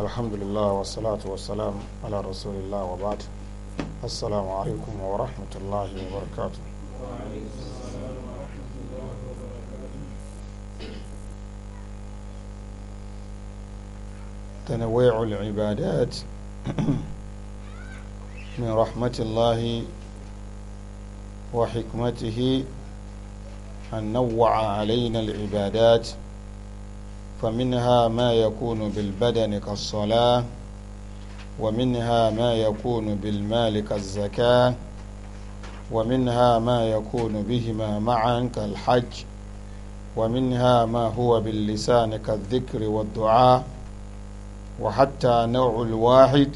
الحمد لله والصلاة والسلام على رسول الله وبعد السلام عليكم ورحمة الله وبركاته تنويع العبادات من رحمة الله وحكمته أن نوع علينا العبادات فمنها ما يكون بالبدن كالصلاة ومنها ما يكون بالمال كالزكاة ومنها ما يكون بهما معا كالحج ومنها ما هو باللسان كالذكر والدعاء وحتى نوع الواحد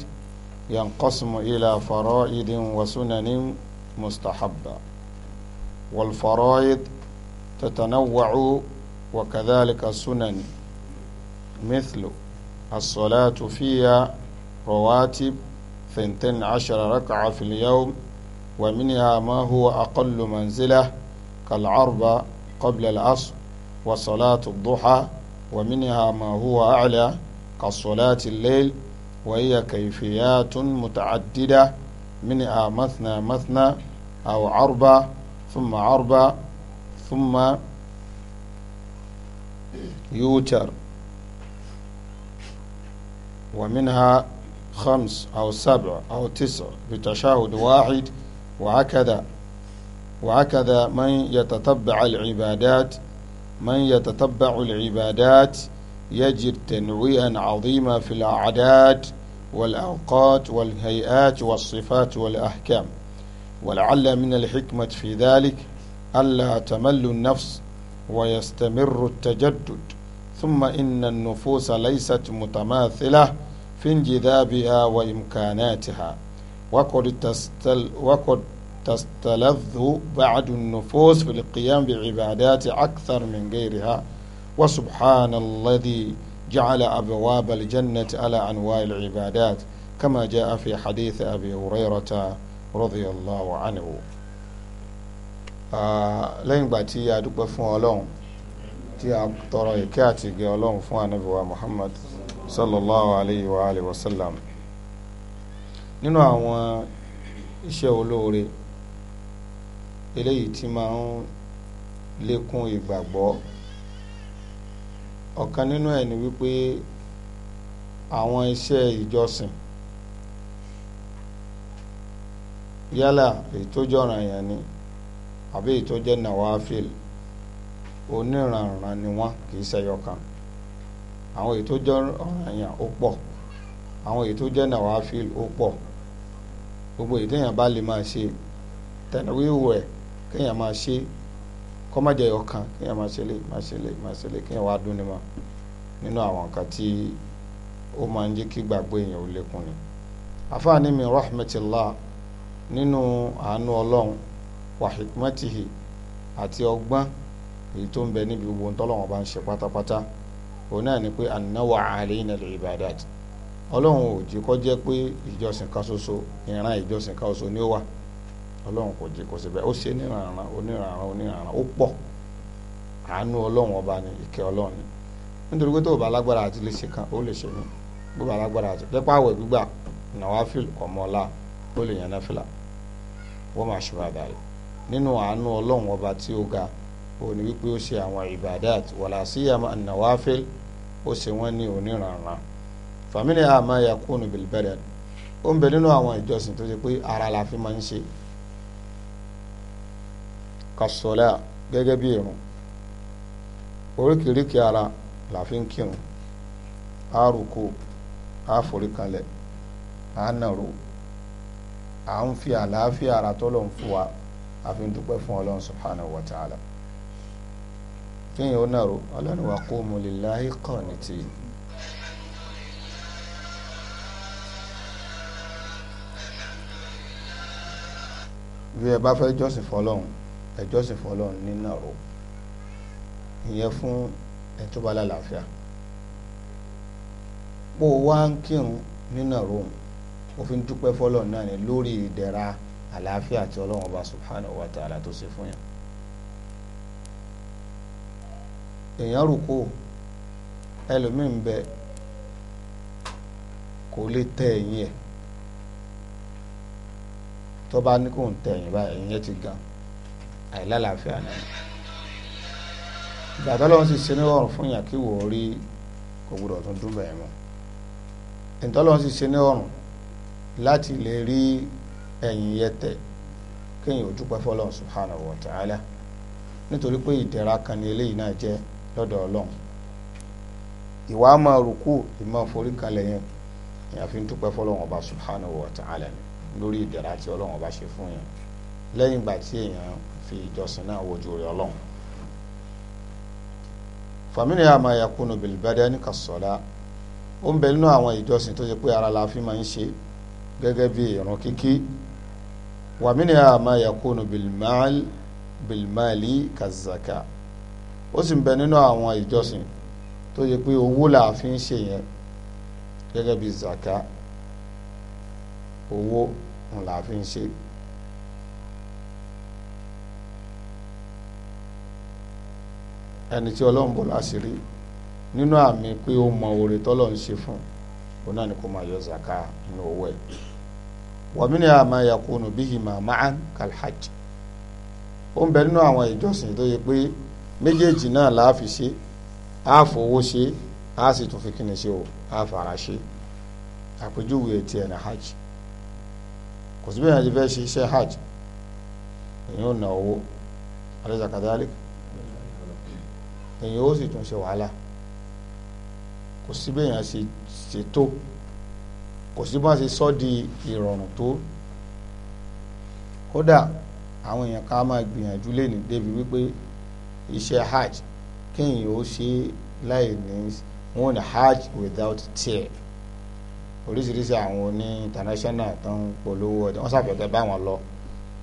ينقسم إلى فرائض وسنن مستحبة والفرائض تتنوع وكذلك السنن مثل الصلاة فيها رواتب ثنتين عشر ركعة في اليوم ومنها ما هو أقل منزلة كالعربة قبل العصر وصلاة الضحى ومنها ما هو أعلى كصلاة الليل وهي كيفيات متعددة منها مثنى مثنى أو عربة ثم عربة ثم يوتر ومنها خمس أو سبع أو تسع بتشاهد واحد وهكذا وهكذا من يتتبع العبادات من يتتبع العبادات يجد تنويعا عظيما في الأعداد والأوقات والهيئات والصفات والأحكام ولعل من الحكمة في ذلك ألا تمل النفس ويستمر التجدد ثم إن النفوس ليست متماثلة في انجذابها وإمكاناتها وقد, تستل وقد تستلذ بعض النفوس في القيام بعبادات أكثر من غيرها وسبحان الذي جعل أبواب الجنة على أنواع العبادات كما جاء في حديث أبي هريرة رضي الله عنه. lẹ́yìn ìgbà tí a fún kí a tọrọ ìkẹ́ àti ìgẹ́ ọlọ́run fún anábìwá Muhammad sallallahu alayhi wa alayhi wa sallam nínú àwọn iṣẹ́ olóore eléyìí tí máa ń lékún ìgbàgbọ́ ọ̀kan nínú ẹ̀ ni wípé àwọn iṣẹ́ ìjọsìn yálà èyí tó jọ̀ràn yẹn ni àbí èyí tó jẹ́ nawafil oníranran ni wọ́n kì í ṣẹyọ kan àwọn èyí tó jẹ́ ọ̀ranyàn ó pọ̀ àwọn èyí tó jẹ́ nàwáfíìl ó pọ̀ gbogbo èyí téèyàn bá lè máa ṣe tẹ̀wéwò ẹ̀ kéèyàn máa ṣe kọ́mọ̀jẹ̀ ọkàn kéèyàn máa ṣe lè máa ṣe lè máa ṣe lè kéèyàn wá dún ní ma nínú àwọn nǹkan tí ó máa ń jẹ́ kí gbàgbọ́ èèyàn ó lékún ni. àfáàní mi rahmatillah nínú àánú ọlọ́run wa àti ọgbọ́n èyí tó ń bẹ níbi gbogbo ntọ́lọ́wọ́n bá ń ṣe pátápátá òun náà ni pé anáwó àlẹ́yìn lè ìbàdàt ọlọ́run ò jí kọ́ jẹ́ pé ìjọsìn kan ṣoṣo ìran ìjọsìn kan ṣoṣo ni ó wà ọlọ́run kò jí kò sí bẹ́ẹ̀ ó ṣe níranran oníranran oníranran ó pọ̀ àánú ọlọ́run ọba ni ìkẹ́ ọlọ́run ni nítorí pé tó o bá lágbára àti lè ṣe kan ó lè ṣe mí bó bá lágbára àti dẹ́pọ̀ àwẹ̀ gbígbà nàwáfíl ọmọọlá ó lè yàn náfìlà wọ́n máa ṣùgbọ́n àdáyé nínú àánú ọlọ́run ọba tí ó ga òun ni wípé ó ṣe àwọn ibadat wàlá síyàmà an-nawafil ó ṣe wọ́n ní oníranran fàmílì àmà yakunu bilbalad ó ń bẹ nínú àwọn ìjọsìn tó ṣe pé ara la máa ń ṣe kasọlá gẹ́gẹ́ bí irun oríkèéríkè ara la ń kírun a rúkú a forí kanlẹ̀ nàró à ń fi àlàáfíà ara tọ́lọ̀ ń fún wa àfi ń dúpẹ́ fún ọlọ́run subhanahu wa ta'ala kéèyàn ó nàró ọlọ́run wa qumu lillahi qanitin. bí ẹ bá fẹ́ jọ́sìn fọlọ́run ẹ jọ́sìn fọlọ́run ní nàró ìyẹn fún ẹ tó bá lálàáfíà pò wá ń kírun ní nàró ó fi ń dúpẹ́ fọlọ́run náà ní lórí ìdẹ̀ra àlàáfíà tí ọlọ́run ọba subhanahu wa ta'ala tó ṣe fún yàn. èèyàn rúkú ẹlòmíín bẹ kò lè tẹ ẹ̀yìn ẹ̀ tó bá ní kò ń tẹ ẹ̀yìn báyìí ti gan àìlálàáfíà náà ìgbà tó lọ́wọ́ sì ṣe ní ọ̀rùn fún yàn kí wò ó rí kò gbọdọ̀ tún dún mọ́ sì ṣe ní láti lè rí kéèyàn nítorí pé lọ́dọ̀ ọlọ́run ìwà máa rùkú ìmọ̀ forí kalẹ̀ yẹn èèyàn fi ń dúpẹ́ fọlọ́run ọba subhanahu wa ta'ala ni lórí ìdẹ̀ra tí ọlọ́run ọba ṣe fún yẹn lẹ́yìn ìgbà tí èèyàn fi ìjọsìn náà wojú rẹ̀ ọlọ́run fàmílì àmà yakunu bilbadani kasọ̀lá ó ń bẹ nínú àwọn ìjọsìn tó ṣe pé ara la fi máa ń ṣe gẹ́gẹ́ bí ìrun kíkí wàmílì àmà yakunu bilmal kazaka ó sì ń bẹ nínú àwọn ìjọsìn tó yẹ pé owó là á fi ń ṣe yẹn gẹ́gẹ́ bí zaka owó là á fi ń ṣe. ẹni tí ọlọ́run bò láṣìírí nínú àmì pé ó mọ oore tọ́lọ̀ ń ṣe fún òun náà ni kò máa yọ zaka nínú owó ẹ̀ wàmínú àmà yakunu bíhìmà máa kàlhàj ó ń bẹ nínú àwọn ìjọsìn tó yẹ pé méjèèjì náà la fi ṣe á fowó ṣe á sì tún fi kíni ṣe o á fara ṣe àpèjúwe ti ẹ̀ ní hajj kò síbi ìrìn àjò fẹ́ ṣe iṣẹ́ hajj èyí ò ná owó alẹ́ zakadali èyí ó sì tún ṣe wàhálà kò sí béèyàn ṣe ṣètò kò sí bá ṣe sọ di ìrọ̀rùn tó kódà àwọn èèyàn ká máa gbìyànjú lẹ́nu débi wípé iṣẹ́ hajj kéèyàn ó ṣe láì ní wọn ní hajj without tear oríṣiríṣi àwọn oní international tó ń polówó ọdún wọn ṣàfihàn bá wọn lọ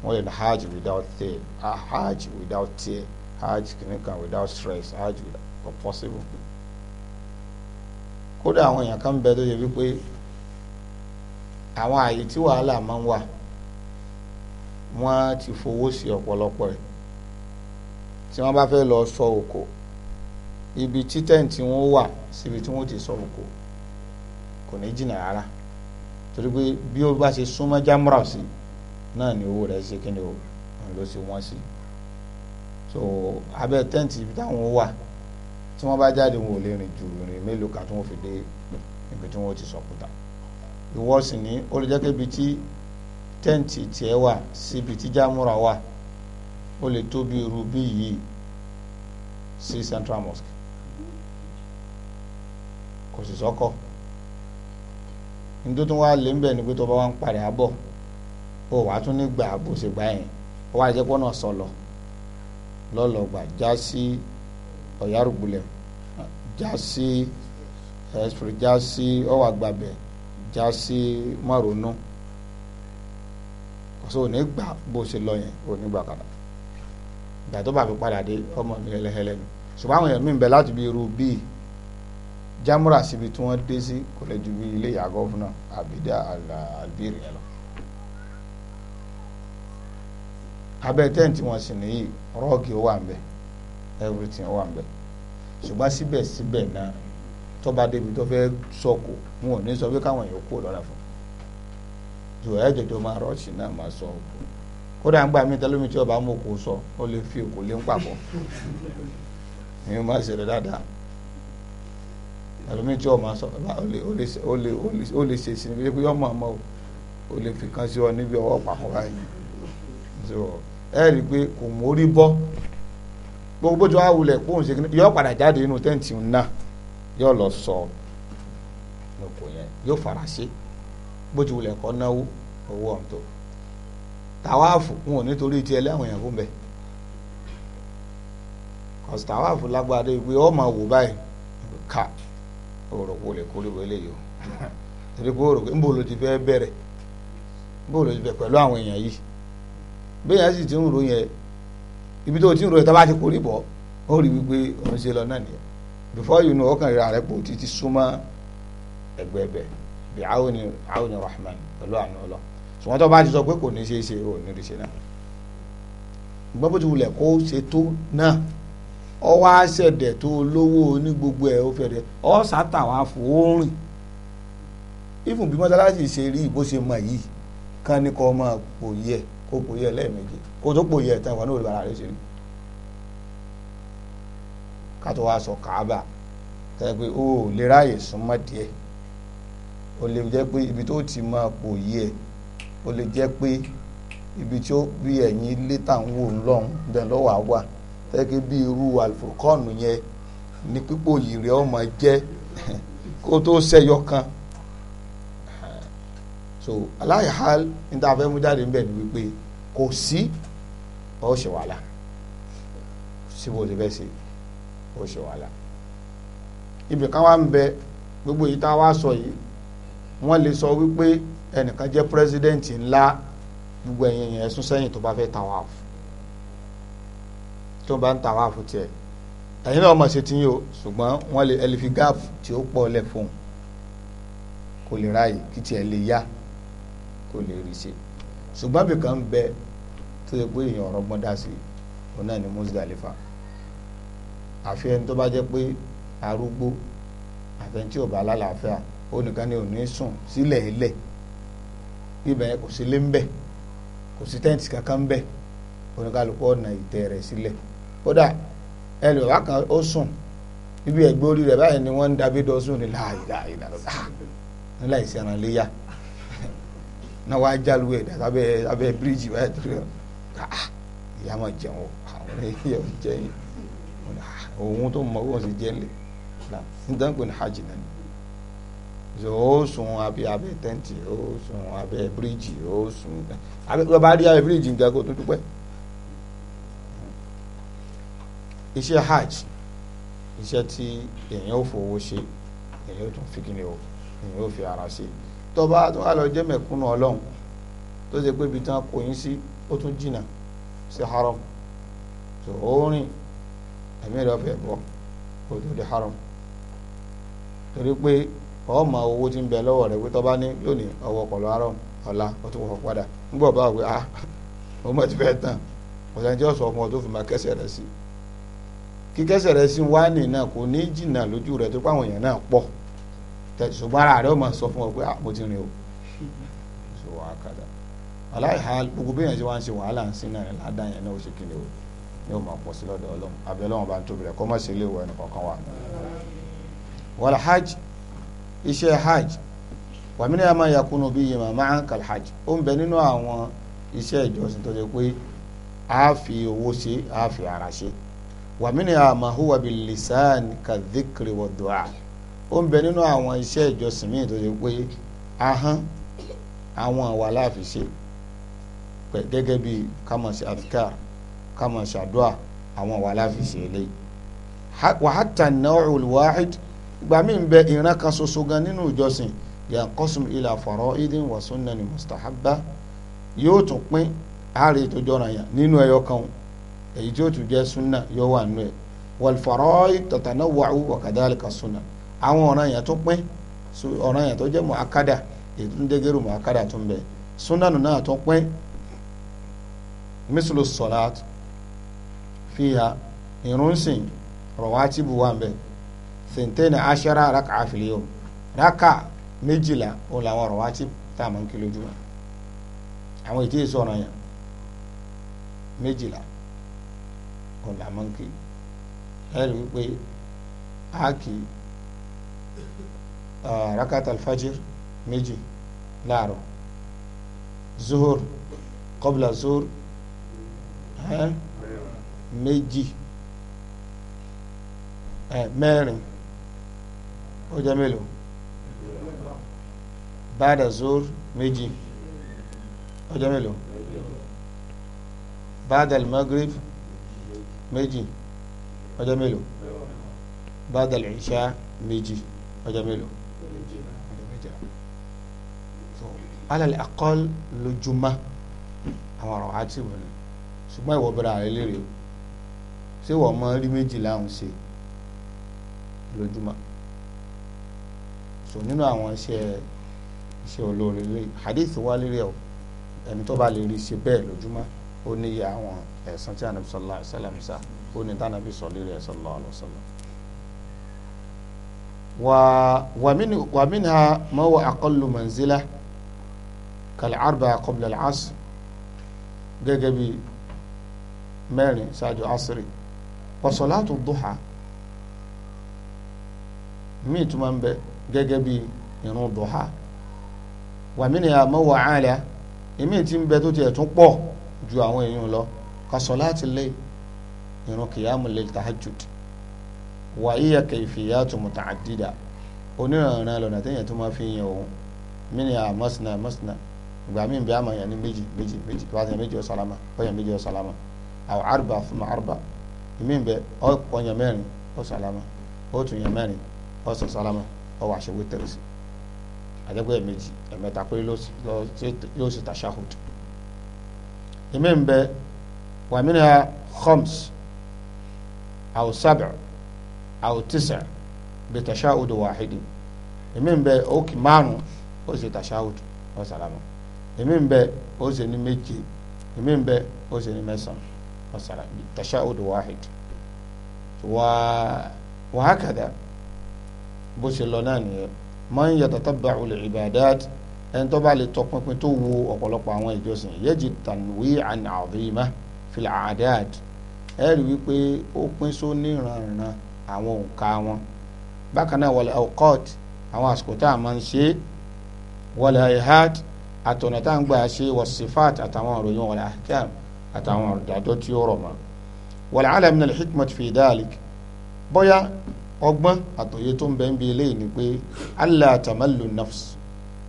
wọn lè ní hajj without tear hajj without tear hajj kìnnìkan without stress hajj kò possible kódà àwọn èèyàn kan bẹ tó ṣe wípé àwọn àyè tí wàhálà máa ń wà wọn ti fowó sí ọ̀pọ̀lọpọ̀ ẹ̀ tí wọ́n bá fẹ́ lọ sọ òkò ibi tí tẹ́ǹtì wọn wà síbi tí wọ́n ti sọ òkò kò ní jìnnà rárá torí pé bí ó bá ṣe súnmọ́ jámúrà sí náà ni owó rẹ̀ ṣe kíni o ló ṣe wọ́n sí so abẹ́ tẹ́ǹtì ibi táwọn wà tí wọ́n bá jáde wọn ò lè rìn ju ìrìn mélòó kan tí wọ́n fi dé ibi tí wọ́n ti sọ̀kúta ìwọ sì ní ó tí tẹ́ǹtì tiẹ̀ wà síbi tí jámúrà wà. ó lè tó bí irú bí yìí sí central mosque kò sì sọ́kọ̀ nítorí wọ́n á lè ń bẹ̀ ni pé tó bá wà ń parí abọ́ ó wàá tún ní gbà bó ṣe gbà yẹn ó wàá jẹ́ pọ́n náà sọ̀lọ̀ lọ́lọ́gbà já sí ọ̀yárùgbùlẹ̀ já sí ẹ̀sùn já sí ọ̀wà gbàbẹ̀ já sí márùnún kò gbà bó ṣe ìgbà tó bá fi padà dé ọmọ mi hẹlẹhẹlẹ ni ṣùgbọ́n àwọn èèyàn mi ń bẹ láti bí irú bíi jámúrà síbi tí wọ́n dé sí kò lè ju bí ilé ìyá gọ́fúnà àbídá àlbírí ẹ̀ lọ. abẹ́ tẹ́ǹtì wọn sì nìyí rọ́ọ̀gì ó wà ń bẹ̀ everything ó wà ń bẹ̀ ṣùgbọ́n síbẹ̀síbẹ̀ náà tọ́ba débi tó fẹ́ sọ̀kò wọn ò ní sọ pé káwọn èèyàn kú lọ́la fún un jù ẹ́ máa rọ́ọ̀ṣì náà máa sọ òkú kódà ń gbà mí tẹlómi tí ọba mú kò sọ ó lè fi òkò lé ń pàbọ èyí má ṣe rẹ dáadáa tẹlómi tí ọba sọ ó lè ṣe sí níbi pé ọmọ ọmọ ó lè fi kan sí ọ níbi ọwọ́ pàkó báyìí ẹ rí i pé kò mórí bọ́ gbogbo tí wàá wulẹ̀ kóhùn ṣe kí yọ padà jáde nínú tẹ́ǹtì náà yóò lọ sọ lóko yẹn yóò fara ṣe bó ti wulẹ̀ kọ́ náwó owó ọ̀hún tó. tawaafu wọn ò nítorí tiẹ̀ lẹ́wọ̀n èèyàn fún bẹ́ẹ̀ kọ́sì tàwáàfù lágbára ìpè ọ́ máa wò báyìí ká òròpó lè kórìwé o torí pé òròpó ń bò ló ti fẹ́ bẹ̀rẹ̀ ń bò ló ti bẹ̀rẹ̀ pẹ̀lú àwọn èèyàn yìí bẹ́ẹ̀ yẹn ti ń ibi tó ti ń ro yẹn a bá ti kórìí bọ̀ ó rí wípé òun ṣe lọ náà nìyẹn before you know ọkàn rẹ̀ àrẹ́pọ̀ ti ti súnmọ́ ẹgbẹ́ bẹ̀ bí ni ni rahman pẹ̀lú àná ṣùgbọ́n tó bá ti sọ pé kò ní ṣe é ṣe ò ní rí ṣe náà ṣùgbọ́n bó ti wulẹ̀ kó ṣe tó náà ọ wá ṣẹ̀dẹ̀ tó lówó ní gbogbo ẹ̀ ó fẹ̀rẹ̀ ọ sátàwá fòórìn ìfún bí mọ́sálásì ṣe rí bó ṣe mọ̀ yìí kán ní kọ́ máa pòyí ẹ̀ kó pòyí ẹ̀ lẹ́ẹ̀mejì kó tó pòyí ẹ̀ tán ìwà rẹ̀ ṣe rí ká tó wá sọ kàábà tẹ́ pé ó lè ráyè súnmọ́ díẹ̀ ó lè jẹ́ pé ibi tó ti máa pòyí ẹ̀ o lè jẹ́ pé ibi tí ó bí ẹ̀yìn ilé tà ń wò lọ́hùn bẹ́ẹ̀ lọ́wọ́ á wà tẹ́kẹ́ bí irú àlùfòkọ́ọ̀nù yẹn ní pípò yìí rẹ̀ ọmọ jẹ́ kó tó ṣẹyọ kan so aláìhal ní tá a fẹ́ mú jáde ń bẹ̀ ni wípé kò sí ó ṣe wàhálà síbò ti fẹ́ ṣe ó ṣe wàhálà ibì kan wá ń bẹ gbogbo yìí tá a wá sọ yìí wọ́n lè sọ wípé ẹnìkan jẹ́ pírẹsidẹ́ǹtì ńlá gbogbo ẹ̀yìn ẹ̀yìn ẹ̀sùn sẹ́yìn tó bá fẹ́ tàwáàfù tó bá ń tàwáàfù tiẹ̀ ẹ̀yin náà mọ̀ ṣe ti yín o ṣùgbọ́n wọ́n lè ẹ lè fi gáàfù tí ó pọ̀ lẹ̀ fún un kò lè ráàyè kí tiẹ̀ lè yá kò lè rí ṣe ṣùgbọ́n bìkan ń bẹ tó yẹ pé èèyàn ọ̀rọ̀ dá sí òun náà ni Muzdalifa àfi ẹni tó bá jẹ́ pé arúgbó àfẹn tí ò bá lálàáfíà ó nìkan ni ò ní sùn sílẹ̀ ilẹ̀ ibẹ̀ kò sí lé ń bẹ̀ kò sí tẹ́ǹtì kankan ń bẹ̀ oníkálukú ọ̀nà ìtẹ́ rẹ̀ sílẹ̀ kódà ẹnì bàbá kan ó sùn ibi ẹ̀gbẹ́ orí rẹ̀ báyìí ni wọ́n ń dabí dọ́ sùn ní láàyè láàyè nílà ìsẹ̀ràn léyà náà wàá jálu ẹ̀dá abẹ́ abẹ́ bíríìjì báyìí tó rẹ̀ ah! ìyá máa jẹun o àwọn èèyàn jẹun òun tó mọ owó sì jẹ́ lé nítorí pé ní hajj náà ni so ó sùn abẹ́ abẹ́ tẹ́ǹtì ó sùn abẹ́ bíríìjì ó sùn abẹ́ tó bá rí abẹ́ bíríìjì nǹkan kó tó dúpẹ́. iṣẹ́ hajj iṣẹ́ tí èèyàn ò fowó ṣe èèyàn ò tún fi kíni o èèyàn ò fi ara ṣe tó bá tó wà lọ jẹ́ mẹ̀kúnnù ọlọ́run tó ṣe pé ibi tí wọ́n kó yín sí ó tún jìnnà sí haram so ó rìn ẹ̀mí rẹ̀ fẹ́ bọ́ kó tó di haram torí pé. ọmọ owó tí ń bẹ lọwọ rẹ̀ wípé bá ní lónìí ọwọ́ pọ̀lọ́ arọ́ ọ̀la ó padà nígbà bá ah ọmọ ti fẹ́ tán ọ̀sán jẹ́ ọmọ tó fi máa kẹsẹ̀ rẹ̀ sí kí kẹsẹ̀ rẹ̀ sí wá nì náà kò ní jìnnà lójú rẹ̀ tó èèyàn náà sọ fún ọ pé ah mo ti rìn o kàdà aláìha gbogbo bí èèyàn ṣe wá ń ṣe wàhálà ń o o máa sí bá ń wa. iṣẹ́ hajj wàmí ni a máa yakunu bí yìí màmá kàl hajj ó ń bẹ nínú àwọn iṣẹ́ ìjọsìn tó ṣe pé a fi owó ṣe a fi ara ṣe wàmí ni a máa hùwà bí lisan kadhikri wa du'a ó ń bẹ nínú àwọn iṣẹ́ ìjọsìn míì tó ṣe pé ahọ́n àwọn àwa láàfi ṣe gẹ́gẹ́ bí kama ṣe adhkar kama àwọn àwa láàfi ṣe eléyìí wàhátà náà ọ̀rùn wáhídì ìgbà míì ń bẹ ìran kan ṣoṣo gan nínú ìjọsìn yankosum ilà fọ̀rọ̀ idin wa sunnani mustahaba yóò tún pín àárẹ̀ tó jọra yàn nínú ẹyọ kan èyí tí ó tún jẹ́ sunna yóò wà nínú ẹ̀ wàlfọ̀rọ̀ tàtàná wàhù wàkàdálì ka sunna àwọn ọ̀ràn yẹn tó pín ọ̀ràn yẹn tó jẹ́ mọ̀ akada èyí tó ń dégérù mọ̀ akada tó ń bẹ sunna nù náà tó pín mislu salat fiha irun sìn rọ̀wá tìbù wà ń sèǹtẹ́nì aṣara raka àfìlẹ́ o raka méjìlá o làwọn ọ̀rọ̀ wá tí tá a máa ń kí lójúmọ́ àwọn ètò èso ọ̀ràn yẹn méjìlá o là máa ń kí ẹ̀rí wípé a kì í rakat alfajir méjì láàárọ̀ zuhur qabla zuhur méjì mẹ́rin. Eh, ó jẹ́ mélòó bada zor méjì ó jẹ́ mélòó bada magrib méjì ó jẹ́ mélòó bada isha méjì ó jẹ́ mélòó alẹ́ akọ́l lójúmọ́ àwọn ọ̀rọ̀ àti ìwọ̀n ni ìwọ bẹ̀rẹ̀ ààrẹ lérè o ṣé wọ́n mọ rí méjì láwọn ṣe lójúmọ́ so nínú àwọn iṣẹ́ iṣẹ́ olóore lè hadith wá lérí ẹ̀ ẹni tó bá lè rí ṣe bẹ́ẹ̀ lójúmọ́ ó ní iye àwọn ẹ̀san tí anabi sallallahu alaihi wasallam sá ó ní tànàbí sọ lérí ẹ̀ sallallahu alaihi wasallam. wa minha ma huwa aqallu manzila kal-arba'a qabla al-'asr gẹ́gẹ́ bí mẹ́rin ṣáájú asiri wa salatu duha míì tún máa ń bẹ́ẹ̀ gẹ́gẹ́ bí irun dọ̀ha wàmínì àmọ́wọ̀ àlẹ́ èmi ti ń bẹ tó tiẹ̀ tún pọ̀ ju àwọn èèyàn lọ kasolati layl irun kìyàmù layl tahajjud wàyíyà kayfiyatu muta'addida onírànràn lọ́nà téèyàn tó máa fi yan òun mínì àmọ́sìnà àmọ́sìnà ìgbà míì bí àmọ̀ yẹn ní méjì méjì méjì tó bá yẹn méjì ọ̀sálàmà ọ̀yàn méjì ọ̀sálàmà àwọn àrùbà fún àrùbà ìmí bẹ ọ̀yàn mẹ́rin ọ̀sálàmà ó tún yàn mẹ́rin ọ̀sálàmà Ọ waa shago tere isii. Aga bụ eme ji eme ta kwee i lo loo si loo sitashia hụtụ. Eme mbe wa amịnụ ya koms, awụsabịa, awụ tịsa, bia tashia hụtụ wa ahịrị. Eme mbe oke maanụ o sitashia hụtụ. Wa salaam. Eme mbe o zere i me mbe o zere i me san. Wa salaam. Bia tashia hụtụ wa ahịrị. Waa waa ka bó ṣe lọ náà nìyẹn man yatatabba'u al-ibadat ẹni tó bá lè tọpinpin tó wo ọ̀pọ̀lọpọ̀ àwọn ìjọsìn yajid tanwi'an 'azima fil 'adat ẹ rí wípé ó pín só ní ìrànràn àwọn òǹkà wọn bákan náà wal awqat àwọn àsìkò tá a máa ń ṣe wal ihad àtọ̀nà tá à ń gbà ṣe wasifat àtàwọn ìròyìn wal ahkam àtàwọn ìdájọ́ tí ó rọ̀ mọ́ wal 'ala min al-hikmati fi dhalik bóyá ọgbọ́n àtòyé tó ń bẹ ń bi eléyìí ni pé allah tamallu nafs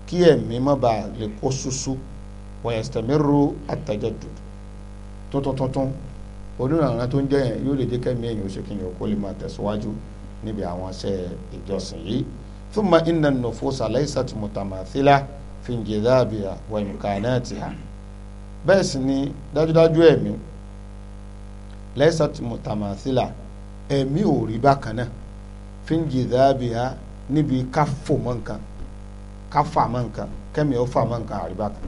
kí ẹ̀mí má ba lè kó susu wa yastamiru at-tajaddud tuntun tuntun onírànà tó ń jẹ́ yẹn yóò lè jẹ́ kẹ́mi ẹ̀yìn oṣù kìnìún kó lè máa tẹ̀síwájú níbi àwọn iṣẹ́ ìjọsìn yìí thumma inna an-nufusa laysat mutamathila fi injidhabiha wa imkanatiha bẹ́ẹ̀ sì ni dájúdájú ẹ̀mí laysat mutamathila ẹ̀mí ò rí bákan náà fíńjì dábìá níbi ká fò mọ́ nǹkan ká fà mọ́ nǹkan kẹ́mi ó fà mọ́ nǹkan àríbá kan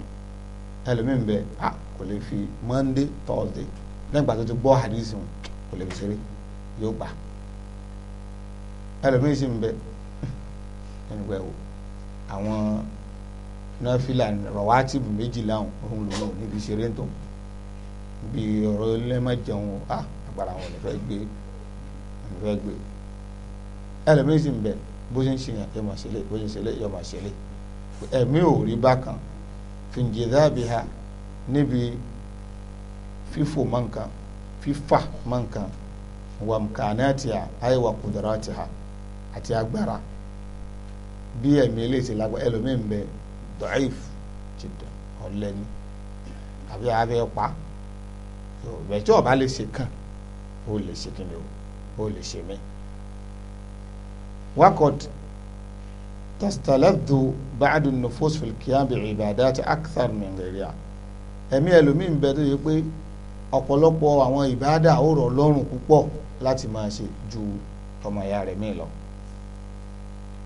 ẹlòmíín bẹ a kò lè fi monday thursday lẹ́yìn ìgbà tó ti gbọ́ hadith wọn kò lè fi ṣeré yóò gbà ẹlòmíín sì ń bẹ ẹni pẹ́ o àwọn nọ́fìlà rọ̀wátìbù méjì láwọn òun lòun ò níbi ṣeré ń tó bí ọ̀rọ̀ lẹ́mọ̀ jẹun a agbára wọn ò ní fẹ́ gbé ò ní fẹ́ gbé. ẹlòmíì sì ń bẹ bó ṣe ń ṣe yàn yọ máa bó ṣe ń ṣẹlẹ̀ yọ máa bi ò rí bákan fìǹjẹ̀dábì ha níbi fífò mọ́ nǹkan fífà mọ́ nǹkan wàmkànáàtìhà àti agbára bí eléyìí ti ń bẹ ti dọ̀ ọ̀lẹ́ni àbí abẹ́ pa ọba lè ṣe kàn ó lè ṣe o ó lè ṣe وقد تستلذ بعض النفوس في القيام بعبادات أكثر من غيرها ẹ̀mí ẹlòmíì ń bẹ tó yẹ pé ọ̀pọ̀lọpọ̀ àwọn ìbáàdà ó rọ̀ lọ́rùn púpọ̀ láti máa ṣe ju ọmọ ìyá rẹ̀ míì lọ.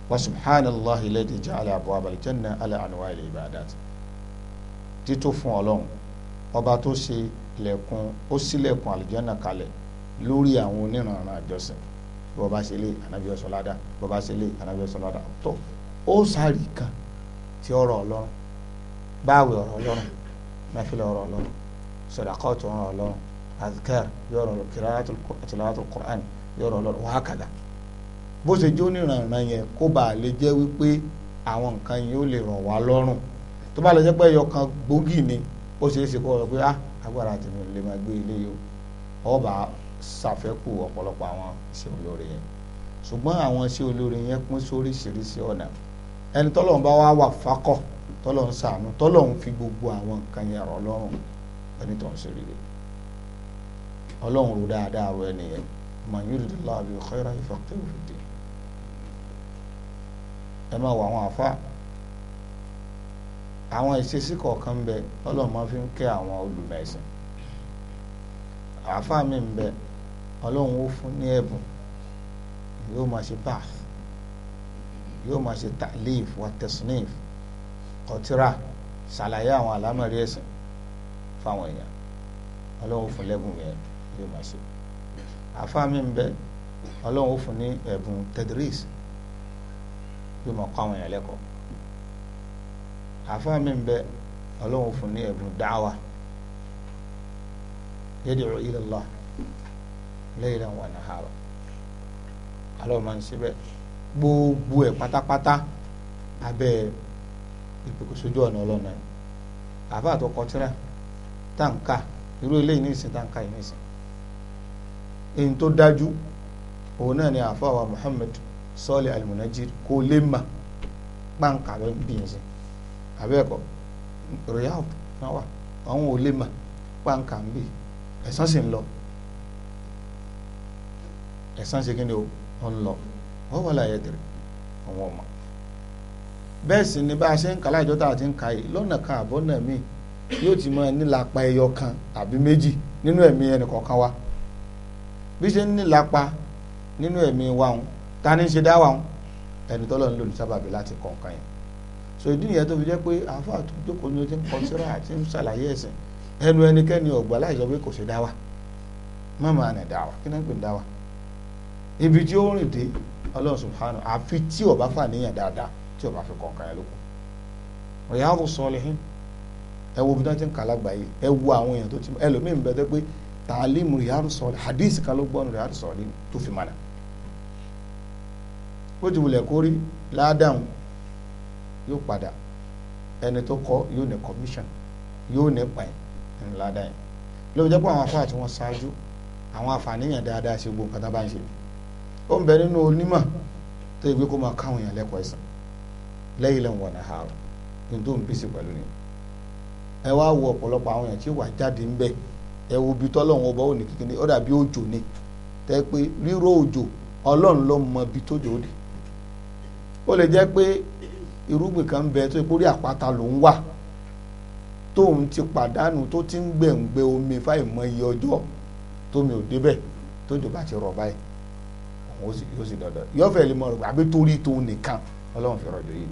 wa subhanallahi alladhi ja'ala abwaba al-janna ala anwa' al-ibadat títú fún ọlọ́run ọba tó ṣe ilẹ̀kùn ó ṣílẹ̀kùn àlìjẹ́nà kalẹ̀ lórí àwọn oníranran àjọsìn bó bá ṣe lé ànábì ọ̀sọ̀ládà bó bá ṣe lé ànábì ọ̀sọ̀ládà tó ó sáré kan tí ọ̀rọ̀ ọlọ́run báwẹ̀ ọ̀rọ̀ ọlọ́run náfìlà ọ̀rọ̀ ọlọ́run sọ̀dàkọ́ọ̀tù ọ̀rọ̀ ọlọ́run azkar yọ̀rọ̀ ọlọ́run kìláàtù kùrán yọ̀rọ̀ ọlọ́run wákàdà bó ṣe jó níranran yẹn kó bàa lè jẹ́ wípé àwọn nǹkan yìí ó lè ràn wá lọ́rùn tó bá lọ jẹ́ pé ẹyọ kan ni ó ṣeé ṣe kó rọ pé ah agbára tèmi lè máa gbé ilé yìí o ọba ṣàfẹ́kù ọ̀pọ̀lọpọ̀ àwọn iṣẹ́ olóore yẹn ṣùgbọ́n àwọn iṣẹ́ olóore yẹn pín sóríṣiríṣi ọ̀nà ẹni tọ́lọ́run bá wá wà fakọ̀ tọ́lọ́run ṣàánú tọ́lọ́run fi gbogbo àwọn nǹkan yẹn rọ̀ lọ́rùn ẹni tó ń ṣe rere ọlọ́run ro dáadáa ro ẹni yẹn man yuridillahu bihi khairan yufaqqihhu fid-din ẹ máa wọ àwọn àfa àwọn ìṣesí kọ̀ọ̀kan bẹ ọlọ́run máa fi ń kẹ́ àwọn olùmẹ̀sìn àfa mi ń bẹ ọlọ́run ó fún ní ẹ̀bùn yóò máa ṣe báàf yóò máa ṣe tàlíf wà tẹ̀sínìf kọtíra ṣàlàyé àwọn àlámọ̀rí ẹ̀sìn fáwọn èèyàn ọlọ́run ó fún lẹ́bùn yẹn yóò máa ṣe àfáàmì ń bẹ ọlọ́run ó fún ní ẹ̀bùn tedris yóò máa kọ́ àwọn èèyàn lẹ́kọ̀ọ́ àfáàmì ń bẹ ọlọ́run ó fún ní ẹ̀bùn dáwà yẹ́dìrò ila Allah leila wọn ní àárọ̀ sibe gbogbo ẹ̀ pátápátá abẹ́ ìpèkùsójú ọ̀nà ọlọ́ọ̀nà yìí àbá àtọkọtìrà táǹkà irú eléyìí nìsín táǹkà yìí nìsín èyí tó dájú òun náà ni àfọwà Muhammad sọ́ọ̀lì alimunajir kò lè mà pàǹkà bẹ́ẹ̀ bí yẹn sìn àbẹ́ẹ̀kọ́ rìyáàbù náà wà àwọn ò lè ẹ̀san ṣe kí ni ó ń lọ wọ́n wọ́n láyé tẹ̀lé àwọn ọmọ bẹ́ẹ̀ sì ni bá a ṣe ń kàlá ìjọ́ta àti ń ka yìí lọ́nà kan àbọ̀nà míì yóò ti máa nílapa ẹyọ kan àbí méjì nínú ẹ̀mí ẹnìkọ̀ọ̀kan wa bí ṣe ń nílapa nínú ẹ̀mí wa òun ta ni ń ṣe dá wa òun ẹni tọ́lọ̀ ń lò ní sábàbí láti kọ̀ọ̀kan yẹn so ìdí nìyẹn tó fi jẹ́ pé àáfàá tó jókòó ni ó ti ń kọ síra àti ń ṣàlàyé ẹ̀sìn ẹnu ẹnikẹ́ni ọ̀gbà láìsọ pé kò ṣe dá wa má máa nà dá wa kí náà ń pè ní dá wa ibi tí ó rìn dé ọlọ́run subhanahu àfi tí ó bá fàníyàn dáadáa tí ó bá fi kọ̀ọ̀kan ẹ̀ lóko Riyadus Salihin ẹ wo bí wọ́n ti ń kà lágbàáyé ẹ wo àwọn èèyàn tó ti ẹlòmíín bẹ tẹ́ pé tàlímù Riyadus Salihin hadith kan ló gbọ́nu Riyadus Salihin tó fi mọ̀nà ó ti wulẹ̀ kórí ládàáhùn yóò padà ẹni tó kọ́ yóò ní commission yóò ní pààyàn ńlá dáhùn lóòjẹ́ pé àwọn afáà tí wọ́n ṣáájú àwọn àfàníyàn dáadáa ṣe gbogbo nǹkan bá ń ṣe ni ó ń bẹ nínú onímọ̀ tó yẹ pé kó máa káwọn èèyàn lẹ́kọ̀ọ́ ẹ̀sìn lẹ́yìn lẹ́nu wọ̀nà àárọ̀ ní tó ni ẹ wá wo ọ̀pọ̀lọpọ̀ àwọn èèyàn tí wà jáde ń ẹ wo ibi tọ́lọ́run ọba ò ni tẹ́ pé ríró òjò ọlọ́run ló mọ ibi ó ó lè jẹ́ pé irúgbìn kan bẹ tó yẹ kó rí àpáta ló ń wà tóun ti pàdánù tó ti ń omi iye ọjọ́ tómi ò débẹ̀ yóò sì dọ̀dọ̀ yóò fẹ́ lè mọ̀ rẹ̀ àbí torí tó nìkan ọlọ́run fi rọ̀jò yìí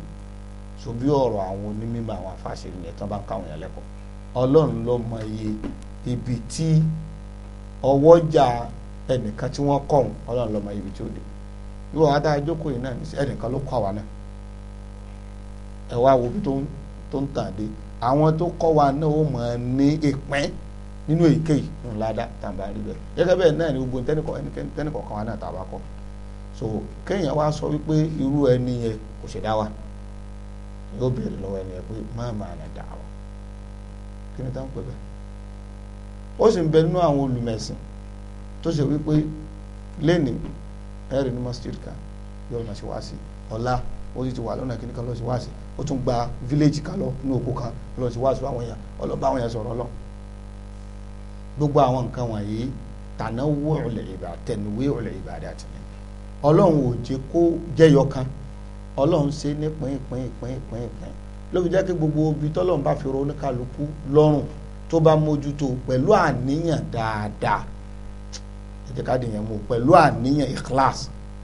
so bí ọ̀rọ̀ àwọn onímọ̀ àwọn afáṣe nìyẹn tán bá ń káwọn yẹn lẹ́kọ̀ọ́ ọlọ́run ló mọ iye ibi tí ọwọ́jà ẹnìkan tí wọ́n kọ̀ ọ́n ọlọ́run ló mọ ibi tí ó dé ìwọ wa dáa jókòó yìí náà ní ẹnìkan ló kọ́ àwa náà ẹ wá wo bí tó ń tàn dé àwọn tó kọ́ wa náà ó mọ̀ ẹ́ ní ìpín nínú èyíkéyìí ńlá dá tàbí àríbẹ̀ gẹ́gẹ́ bẹ́ẹ̀ náà ni gbogbo tẹ́nìkọ̀ọ́ kan wa náà tàbá kọ́ so kéèyàn wa sọ wípé irú ẹni yẹn kò ṣe dá wa yóò béèrè lọ́wọ́ ẹni yẹn pé má máa nà dà wọ́ kí ni táwọn pè bẹ́ẹ̀ ó sì ń bẹ nínú àwọn olùmẹ̀sìn tó ṣe wípé lẹ́nìí ẹ̀rì ní masjid kan yóò nà wá sí ọ̀la ó sì ti wà lọ́nà kíní kan lọ́ọ́ sí wá sí ó tún gba fíléèjì kan lọ ní oko kan lọ́ọ́ sí wá sí àwọn èèyàn ọlọ́ba àwọn èèyàn sọ̀rọ̀ lọ gbogbo àwọn nǹkan wọ̀nyí ọ̀lẹ̀ ọlọ́run ò jẹ́ kó jẹ́yọ kan ọlọ́run ṣe ní pín ìpín ìpín ìpín ìpín ló fi jẹ́ kí gbogbo ibi tọ́lọ́run bá fi ro oníkàlùkù lọ́rùn tó bá mójútó pẹ̀lú àníyàn dáadáa ẹ jẹ́ ká dìyàn mú pẹ̀lú àníyàn ikhlas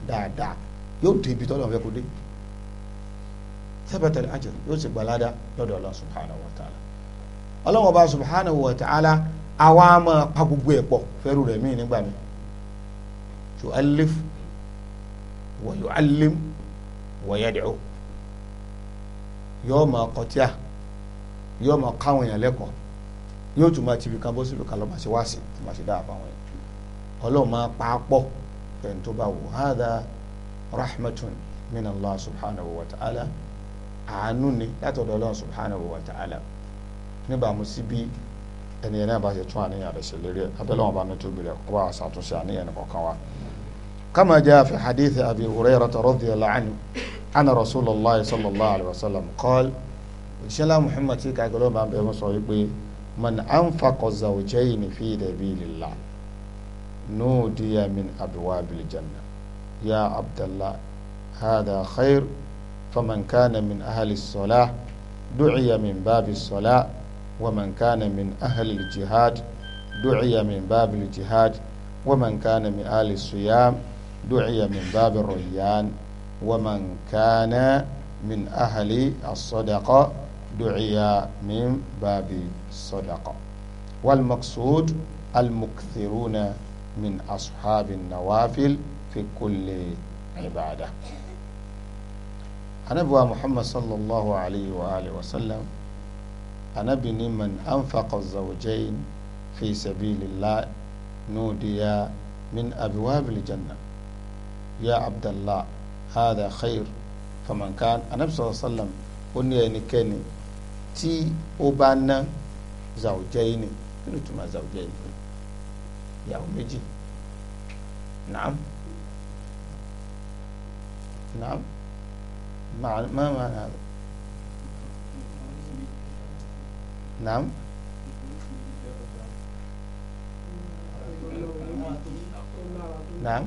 dáadáa yóò dé ibi tọ́lọ́run fẹ́ kó dé sábàtàlì àjẹ yóò sì gbalada lọ́dọ̀ ọlọ́run subhanahu wa ta'ala ọlọ́run ọba subhanahu wa ta'ala àwa máa pa gbogbo ẹ̀ pọ̀ ويعلم ويدعو wa قتيا yóò máa kọtíà yóò máa káwọn èèyàn lẹ́kọ̀ọ́ yóò tún máa tibí kan bó síbi kan lọ́ọ́ máa ṣe wá sí máa ṣe dáàbò àwọn yẹn ọlọ́run máa pa á pọ̀ ẹni tó bá wò hádà rahmatun min allah subhanahu wa ta'ala àánú ni láti ọ̀dọ̀ ọlọ́run subhanahu wa ta'ala níbàámu sí bí ẹni yẹn náà bá ṣe tún àníyàn rẹ̀ ṣe lérí ẹ̀ abẹ́lẹ́ wọn bá ní tóbi rẹ̀ kó bá ṣàtúnṣe àníyàn nìkan kan wá. كما جاء في حديث أبي هريرة رضي الله عنه أنا رسول الله صلى الله عليه وسلم قال إن شاء الله محمد شيك أقلوب عن من أنفق الزوجين في دبيل الله نودي من أبواب الجنة يا عبد الله هذا خير فمن كان من أهل الصلاة دعي من باب الصلاة ومن كان من أهل الجهاد دعي من باب الجهاد ومن كان من أهل الصيام دعي من باب الريان ومن كان من أهل الصدقة دعي من باب الصدقة والمقصود المكثرون من أصحاب النوافل في كل عبادة أنبوى محمد صلى الله عليه وآله وسلم بني من أنفق الزوجين في سبيل الله نودي من أبواب الجنة يا عبد الله هذا خير فمن كان النبي صلى الله عليه وسلم قلنا نكني تي أبانا زوجين نتما زوجيني يا ومجي نعم نعم ما ما معنى هذا نعم نعم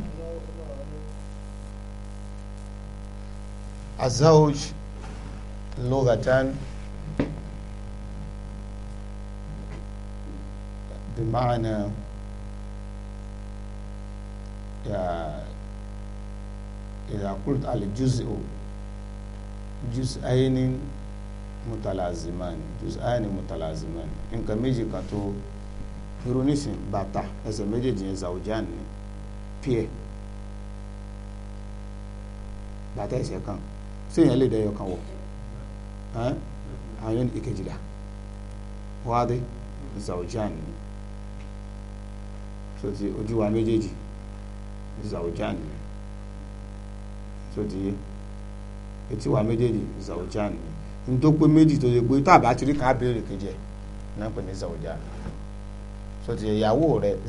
الزوج لغة بمعنى إذا قلت الجزء جزئين متلازمان juz'ani mutalazimani nǹkan méjì kan tó irú nísìn bàtà ẹsẹ̀ méjèèjì yẹn zawujan ni pie bàtà ẹsẹ̀ séèyàn lè dẹyọ kan wọ àwọn yóò ní ìkejìlá wáde zawjan ni so ti ojú wa méjèèjì so ti etí wa méjèèjì zawjan to n tó pé méjì tó yẹ pé tó àbá ti rí so ti rẹ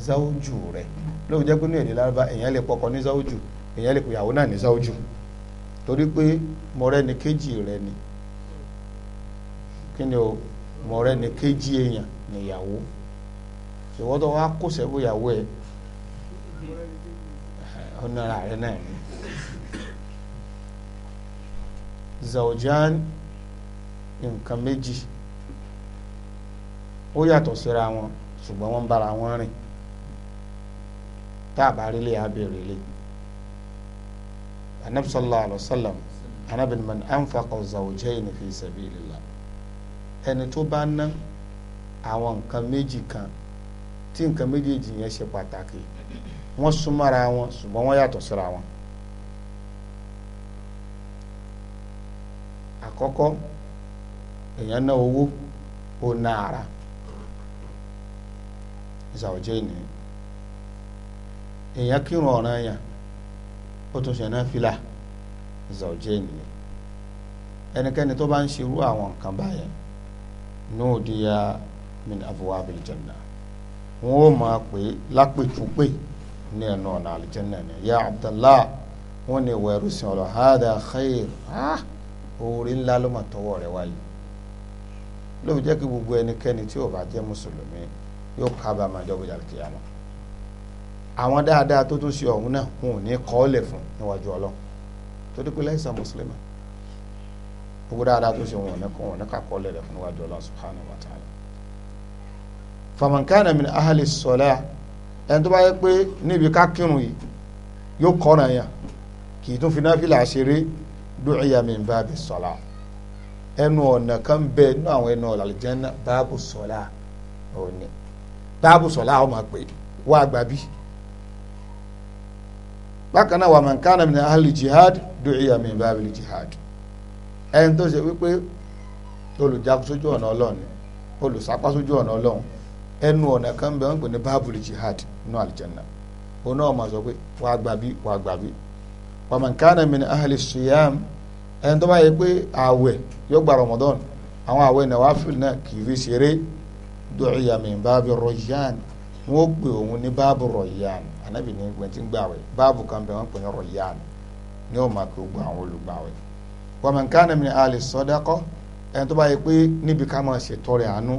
zawju rẹ lóòjẹ́ pé ní èdè lárúbá èèyàn lè pọkọ ní zawju èèyàn torí pé mọ̀rẹ́ni kejì rẹ ni kí ni o mọ̀rẹ́ni kejì èèyàn ìyàwó ṣùgbọ́n tó wá kó sẹ́bù ìyàwó ẹ̀ ọ̀nàrà rẹ náà ni. zawjan nǹkan méjì ó yàtọ̀ síra wọn ṣùgbọ́n wọ́n ń bára wọn rìn tá a bá rí lè á lè. anabi sallallahu alayhi wa sallam anabi man anfaqa zawjayni fi sabilillah ẹni tó bá ná àwọn nǹkan méjì kan tí nǹkan méjèèjì yẹn ṣe pàtàkì wọ́n súnmọ́ra wọn ṣùgbọ́n wọ́n yàtọ̀ síra wọn. àkọ́kọ́ èèyàn ná owó ó ná ara ìṣàwọ̀jẹ́ èèyàn kírun ọ̀ràn yàn ó tún ṣe náfìlà zọjẹ nìyẹn ẹnikẹ́ni tó bá ń ṣerú àwọn nǹkan báyẹn nudiya min abwabil janna wọn ó máa pè é lápètúpè ní ẹnu ọ̀nà àlìjẹ́nà ni ya abdallah wọn ni ìwà ẹrú sin ọ̀rọ̀ hada khair ah! orí ńlá ló máa tọwọ́ rẹ̀ wáyé lóòjẹ́ kí gbogbo ẹnikẹ́ni tí ò bá jẹ́ mùsùlùmí yóò kábàámà jọ́bọ̀jà kìyàmọ́ àwọn dáadáa tó tún ṣe ọ̀hún náà wọn ò ní kọ́ọ̀lẹ̀ fún níwájú ọlọ́run tó dípé láìsà mùsùlùmí gbogbo dáadáa tó ṣe wọn ò ní kọ́ wọn ní kàkọ́ọ̀lẹ̀ rẹ̀ fún níwájú ọlọ́run subhanahu wa ta'ala. famankana min ahali sọlá ẹni tó bá yẹ pé níbi kákírun yìí yóò kọ́ra yàn kì í tún fi náfìlà ṣeré du'iya min báàbí sọlá ẹnu ọ̀nà kan bẹ nínú àwọn ẹnu ọ̀nà àlùjánnà báàbù sọlá òní bákan náà wà man kana min ahli jihad du'iya min babil jihad ẹni tó ṣe wípé olùjákòsójú ọ̀nà ọlọ́run olùsápásójú ọ̀nà ọlọ́run ẹnu ọ̀nà kan bẹ́ẹ̀ wọ́n pè ní babil jihad nínú àlìjẹ́nà òun náà máa sọ pé wà á gbàbí wà á gbàbí wà man kana min ahli siyam ẹni tó bá yẹ pé ààwẹ̀ yóò gba Ramadan àwọn ààwẹ̀ nawafil náà kì í fi ṣeré du'iya min babil rayyan anabi ní gbẹ̀ntì ń gbàwẹ̀ báàbù kan bẹ̀ wọ́n pè ní rọ̀yàn ní ó máa kí o gba àwọn olùgbàwẹ̀ wọ́n mọ̀ nǹkan mi àlè sọ́dákọ́ ẹni tó bá yẹ pé níbi ká máa ṣètọrẹ àánú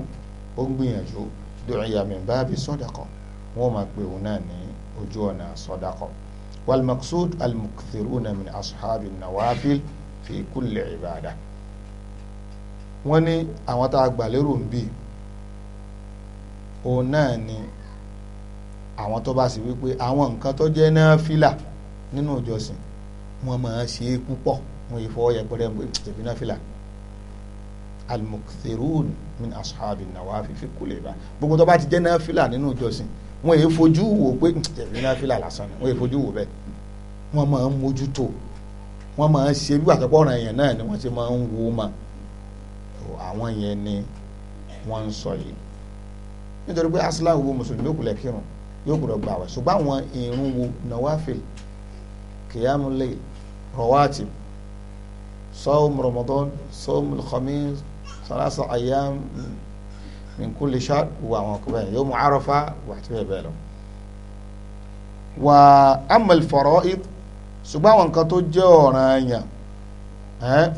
ó ń gbìyànjú dùnìyà mi báàbí sọ́dákọ́ wọ́n máa pè òun náà ní ojú ọ̀nà sọ́dákọ́ walmaksud almukthiruna min asuhabi nawafil fi kulli ibada wọ́n ní àwọn tá a gbà ń bì òun náà ni àwọn tó bá sì wípé àwọn nǹkan tó jẹ́ náà fìlà nínú ìjọsìn wọn máa ṣe é púpọ̀ wọn yìí fọwọ́ yẹpẹrẹ tẹ̀bí náà fìlà almukthirun min ashabi nawafi fi kulè bá gbogbo tó bá ti jẹ́ náà fìlà nínú ìjọsìn wọn yìí fojú wò pé tẹ̀bí náà fìlà lásán ni wọn yìí fojú wò bẹ́ẹ̀ wọn máa ń mójútó wọn máa ń ṣe bí àtọ́pọ̀ ọ̀ràn yẹn náà ni wọ́n ti máa ń wo ma àwọn yẹn ni wọ́n ń sọ yìí nítorí pé asilahu mùsùlùmí kò kírun yóò gbọ́dọ̀ gbà wẹ̀ ṣùgbọ́n àwọn irun wo nawafil kìyàmúlẹ̀ rọwátì sọ́ọ̀mù ramadan sọ́ọ̀mù khamis salasa ayam min kulli shahr wà àwọn ọkọ̀ bẹ́ẹ̀ yawmu arafa wà tí bẹ́ẹ̀ bẹ́ẹ̀ lọ. wà amal fara'id ṣùgbọ́n àwọn nǹkan tó jẹ́ ọ̀ranyàn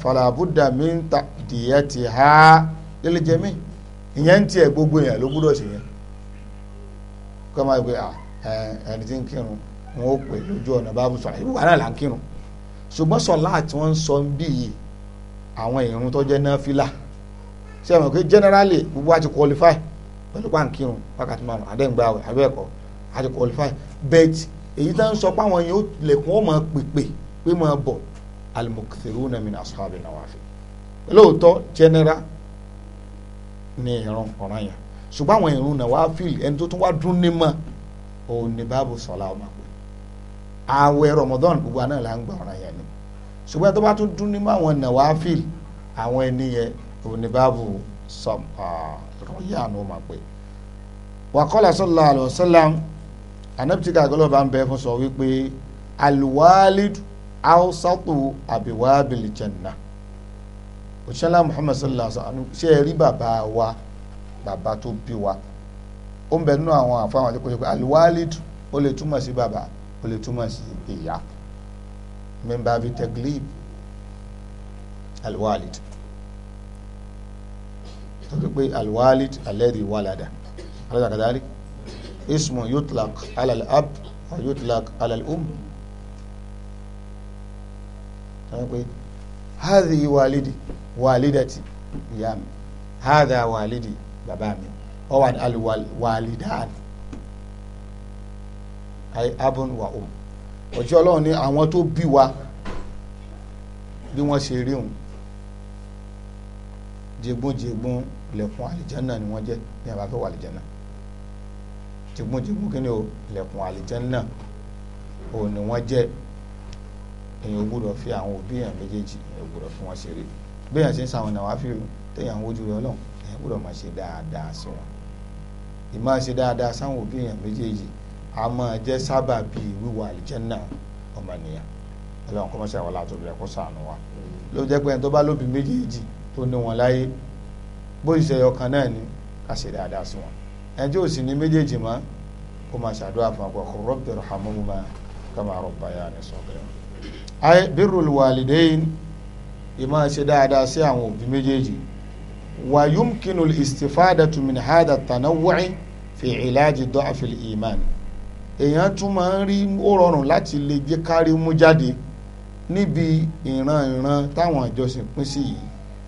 falabuda min ta'diyatiha lil jami' ìyẹn ń tiẹ̀ gbogbo èèyàn ló gbọ́dọ̀ ṣe yẹn kọ́ máa gbé ah, ẹni tí ń kírun wọn ó pè lójú ọ̀nà báàbù sọ̀rọ̀ ìwà náà là ń kírun ṣùgbọ́n sọ̀lá àti wọ́n ń sọ bí yìí àwọn ìrun tó jẹ́ náà fìlà ṣé ẹ mọ̀ pé generally gbogbo àti qualify pẹ̀lú pàǹkìrun wákàtí márùn àdéǹgbàwẹ̀ abẹ́ẹ̀kọ́ àti qualify bet èyí tá ń sọ páwọn yóò lẹ̀kún ọmọ pèpè pé máa bọ̀ al-mukthiruna min ashabi nawafil lóòótọ́ general ni ìrun ọ̀ràn yẹn ṣùgbọ́n àwọn ìrun náà wá fíìlì ẹni tó tún wá dún ní mọ́ òun ni báàbò sọ̀la ọmọ pé ààwẹ̀ Ramadan gbogbo àná là ń gba ọ̀ràn yẹn ni ṣùgbọ́n tó bá tún dún ní mọ́ àwọn náà wá fíìlì àwọn ẹni yẹn òun ni báàbò sọ̀rọ̀yàn ọmọ pé. wàkọ́lá sallallahu alaihi wasallam anabtika agolo bá ń bẹ fún sọ wípé alwalidu awsatu abiwabil janna òṣèlá Muhammad sallallahu alaihi wasallam ṣe é rí bàbá wa bàbá tó bí wa ó ń bẹ nínú àwọn àfáwọn àti kòtò pé aliwalidu ó lè túmọ̀ sí bàbá ó lè túmọ̀ sí ìyá mẹ́mbà bíi tẹ́gílíb aliwalidu torí pé aliwalid alẹ́rìí wàlàdà alájà kàdárí ismu yutlak alal ab wa yutlak alal um pé hadhi walidi walidati ìyá mi hadha walidi bàbá mi ọ wà ní aliwalidan ayi abun wa um ọjọ́ ọlọ́run ní àwọn tó bí wa bí wọ́n ṣe rí òun jẹgbọ́njẹgbọ́n lẹ̀kùn àlìjánà ni wọ́n jẹ́ ní àbá fẹ́ wà àlìjánà jẹgbọ́njẹgbọ́n kí ni o lẹ̀kùn àlìjánà o ni wọ́n jẹ́ èyàn gbọ́dọ̀ fi àwọn òbí èèyàn méjèèjì èyàn gbọ́dọ̀ fi wọ́n ṣeré bí èèyàn ṣe ń sàwọn ìnáwó àfihàn téèyàn ń wojú rẹ ọlọ́run èèyàn gbọ́dọ̀ máa ṣe dáadáa sí wọn ìmọ̀ ṣe dáadáa sáwọn òbí èèyàn méjèèjì a máa jẹ́ sábà bíi wíwọ àlìjẹ́nà ọmọnìyàn ọlọ́run kọ́ mọ́ṣẹ́ àwọn látòlù rẹ̀ kó sànù wa ló jẹ́ pé ẹni tó bá lóbi méjèèjì tó ní wọn láyé bó ṣiṣẹ́ ọkàn náà ni ká ṣe dáadáa sí wọn ẹni tí ò sì ní méjèèjì mọ́ kó máa ṣàdúrà fún ọkọ̀ Rabbi irhamhuma kama rabbayani saghira ay birrul walidayn ìmọ̀ ṣe dáadáa sí àwọn òbí méjèèjì ويمكن الاستفادة من هذا التنوع في علاج ضعف الإيمان èèyàn tún máa ń rí ó rọrùn láti lè jẹ́ kárí mú jáde níbi ìran ìran táwọn àjọsìn pín sí yìí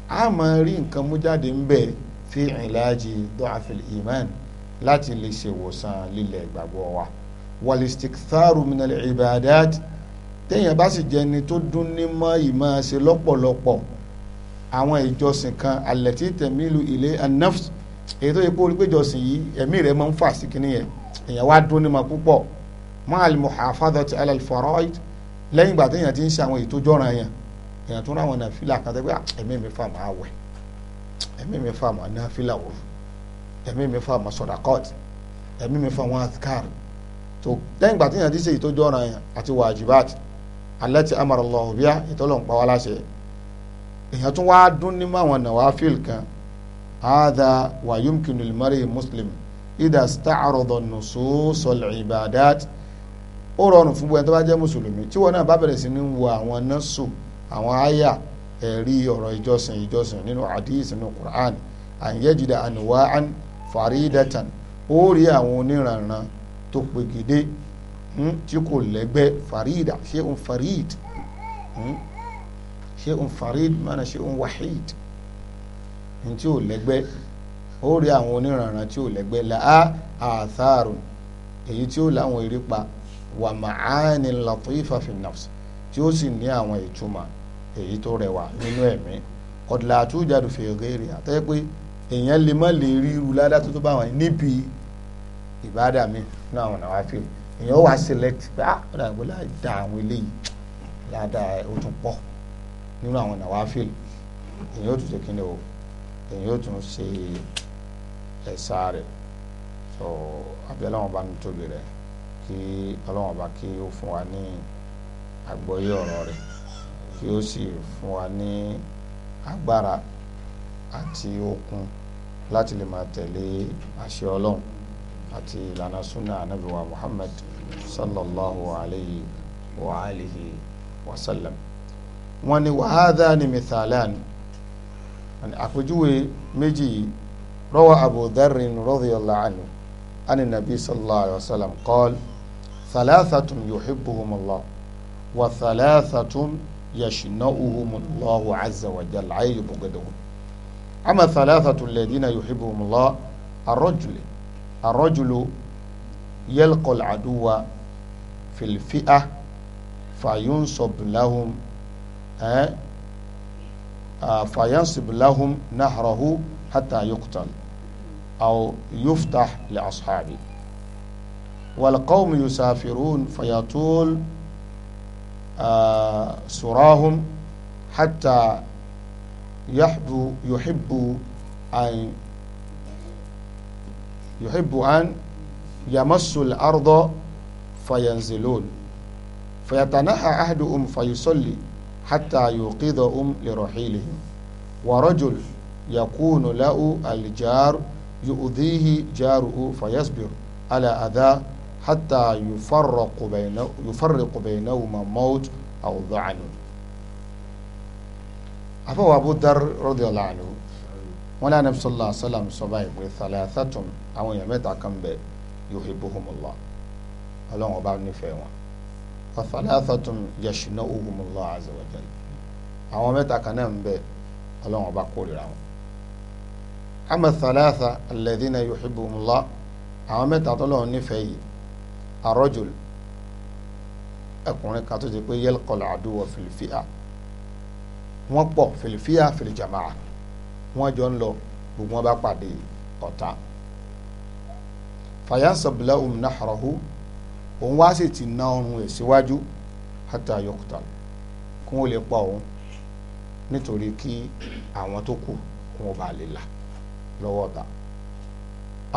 a máa rí nǹkan mú jáde ń bẹ̀ fi ìlàjì dọ́àfẹ́lì iman láti lè ṣèwòsàn lílẹ̀ ìgbàgbọ́ wa walistiktaru minal ibadat téèyàn bá sì jẹni tó dún ní mọ́ ìmọ̀ ṣe lọ́pọ̀lọpọ̀ àwọn ìjọsìn kan alẹ́tí tẹ̀mílù ilé anafs èyí tó yẹ kó olùgbé ìjọsìn yìí ẹ̀mí rẹ̀ máa ń fà sí kìíní yẹn èyàn wá dún ní ma púpọ̀ máàlì muhafadhati alal faraid lẹ́yìn ìgbà téèyàn ti ń ṣe àwọn ètò jọ́ràn yẹn èyàn tún ráwọn nàfìlà kan tẹ́ pé ah, ẹ̀mí mi fà máa wẹ̀ ẹ̀mí mi fà máa nàfìlà wò ẹ̀mí mi fà máa sọ̀dàkọ́t ẹ̀mí mi fà wọn àtikár tó lẹ́yìn ìgbà téèyàn ti ṣe ètò èèyàn tún wáá dún ní máwọn nawafil kan hadha wa yumkinu al-mar'i muslim idha sta'arada an-nusus wal-ibadat ó rọrùn fún bóyá tó bá jẹ́ mùsùlùmí tí wọn náà bá bẹ̀rẹ̀ sí ní wo àwọn nọ́ọ̀sù àwọn àyà ẹ̀rí ọ̀rọ̀ ìjọsìn ìjọsìn nínú hadith nínú Qur'an an yajida anwa'an faridatan ó rí àwọn oníranran tó pegedé hmm, tí kò lẹ́gbẹ́ farida ṣeun farid mana ṣeun wahid ní tí ò lẹ́gbẹ́ ó rí àwọn oníranran tí ò lẹ́gbẹ́ la á àtharu èyí tí ó láwọn eré pa wà màáni latifa fi nafs tí ó sì ní àwọn ìtumọ̀ èyí tó rẹwà nínú ẹ̀mí kọ̀dùlà àtújáde fèrè àtẹ́ pé èèyàn lè má lè rí irú ládá tó tó bá wọn níbi ìbádà mi náà wọn náà wá fi èèyàn wá select pé ah ọ̀dà ìgbọ́lá da àwọn eléyìí ládàá ó tún pọ̀ nínú àwọn nàwáfíìlì èyí yóò tún ṣe kíni o èyí yóò tún ṣe ẹ̀sà rẹ̀ so abẹ́lẹ́ wọn bá ní tóbi rẹ̀ kí ọlọ́wọ́n bá kí ó fún wa ní àgbọ́yé ọ̀rọ̀ rẹ̀ kí ó sì fún wa ní agbára àti okun láti lè máa tẹ̀lé àṣẹ ọlọ́run àti ìlànà súnà anábìwá Muhammad sallallahu alayhi wa alihi wa sallam wọ́n ní wàhádà ni mithalan àpèjúwe méjì yìí rọwọ́ abu dharrin radiyallahu anhu ani nabi sallallahu alayhi wa sallam qol thalathatun yuhibbuhum allah wa thalathatun yashna'uhum allah azza wa jalla ay yubghiduhum ama thalathatul ladina yuhibbuhum أه؟ أه، فينصب لهم نهره حتى يقتل أو يفتح لأصحابه والقوم يسافرون فيطول أه، سراهم حتى يحب يحب أن يحب أن يمس الأرض فينزلون فيتنحى أحدهم فيصلي hatta yuqidhahum li rahilihim wa rajul yakunu lahu al-jar yu'dhihi jaruhu fayasbir ala adha hatta yufarriqu baynahu yufarriqu baynahuma mawt aw dha'nun afọwọ́ abu dar radiyallahu anhu wọn lẹ́yìn anabi sallallahu alayhi wa sallam sọ báyìí pé thalathatun àwọn èèyàn mẹ́ta kan bẹ yuhibbuhumullah ọlọ́run ọba nífẹ̀ẹ́ wọn afalathatun yashna'uhumullahu azza wa jalla àwọn mẹ́ta kan náà ń bẹ ọlọ́run ọba kórìíra wọn ama thalatha alladhina yuhibbuhumullah àwọn mẹ́ta tó lọ́wọ́ nífẹ̀ẹ́ yìí arọ́jùl ẹkùnrin kan tó ti pé yalqal aduwa fil fi'a wọ́n pọ̀ fil fi'a jọ ń lọ gbogbo wọn bá pàdé ọ̀tá fayansab lahum nahrahu òun wá sì ti na ọrùn ẹ̀ síwájú hata yọkùtà kí wọ́n lè pa òun nítorí kí àwọn tó kù wọn bá lè là lọ́wọ́ ta.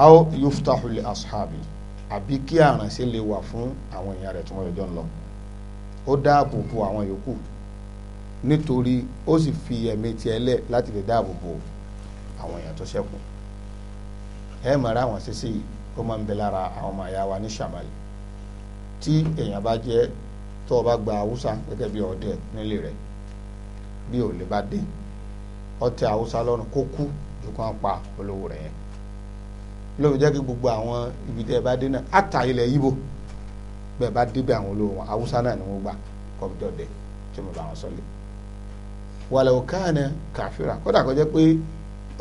aw yuftahu li ashabi àbí kí àrànṣe lè wà fún àwọn èèyàn rẹ̀ tí wọ́n jọ ń lọ ó dáàbò bo àwọn yòókù nítorí ó sì fi ẹ̀mí tiẹ̀ lẹ̀ láti lè dáàbò bo àwọn èèyàn tó ṣẹ́kù ẹ mọ̀ àwọn sísè ó máa ń bẹ lára àwọn ọmọ àyà wa ní sàmàlì tí èèyàn bá jẹ́ tó o bá gba haúsá gẹ́gẹ́ bí ọdẹ nílé rẹ̀ bí ò lè bá dé ọtẹ haúsá lọ́rùn kó kú ju kàn pa olówó rẹ̀ yẹn lóòótọ́ jẹ́ kí gbogbo àwọn ibi tẹ́ ẹ bá dé náà àtà ilẹ̀ yíbo bẹ́ẹ̀ bá débi àwọn olówó wọn haúsá náà ni wọ́n gbà kọ́bítọ́ dẹ̀ tí mo bá wọn sọlẹ̀ wàlẹ̀ òkàánẹ kàfíra kódà kó pé